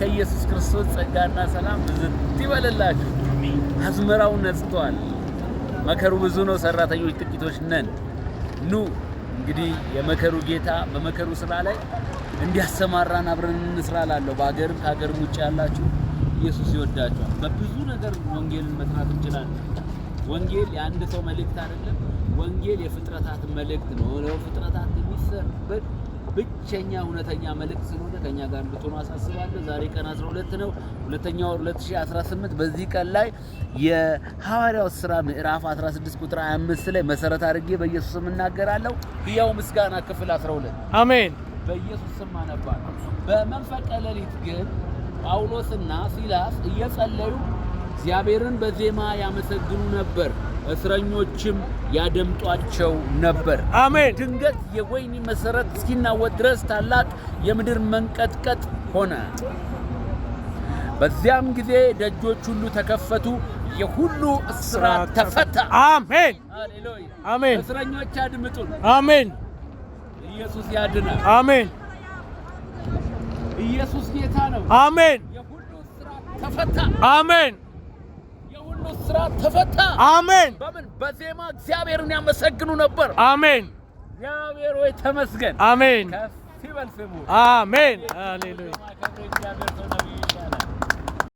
ከኢየሱስ ክርስቶስ ጸጋና ሰላም ብዝት ይበልላችሁ። አዝመራው ነጽቷል፣ መከሩ ብዙ ነው፣ ሰራተኞች ጥቂቶች ነን። ኑ እንግዲህ የመከሩ ጌታ በመከሩ ስራ ላይ እንዲያሰማራን አብረን እንስራ እላለሁ። በሀገርም ከሀገርም ውጭ ያላችሁ ኢየሱስ ይወዳችኋል። በብዙ ነገር ወንጌልን መጥናት እንችላለን። ወንጌል የአንድ ሰው መልእክት አይደለም። ወንጌል የፍጥረታት መልእክት ነው። ፍጥረታት የሚሰሩበት ብቸኛ እውነተኛ መልእክት ስለሆነ ከኛ ጋር እንድትሆኑ አሳስባለሁ። ዛሬ ቀን 12 ነው፣ ሁለተኛ 2018። በዚህ ቀን ላይ የሐዋርያው ስራ ምዕራፍ 16 ቁጥር 25 ላይ መሰረት አድርጌ ስም እናገራለሁ። ሕያው ምስጋና ክፍል 12 አሜን። በኢየሱስም አነባለሁ። በመንፈቀ ሌሊት ግን ጳውሎስና ሲላስ እየጸለዩ እግዚአብሔርን በዜማ ያመሰግኑ ነበር፣ እስረኞችም ያደምጧቸው ነበር። አሜን። ድንገት የወይኒ መሰረት እስኪናወጥ ድረስ ታላቅ የምድር መንቀጥቀጥ ሆነ። በዚያም ጊዜ ደጆች ሁሉ ተከፈቱ፣ የሁሉ እስራት ተፈታ። አሜን አሜን። እስረኞች አድምጡን። አሜን። ኢየሱስ ያድናል። አሜን። ኢየሱስ ጌታ ነው። አሜን። የሁሉ እስራት ተፈታ። አሜን። የሰሩት ስራ ተፈታ። አሜን። በምን በዜማ እግዚአብሔርን ያመሰግኑ ነበር። አሜን። እግዚአብሔር ወይ ተመስገን። አሜን። ከፍ ይበል ስሙ። አሜን። ሃሌሉያ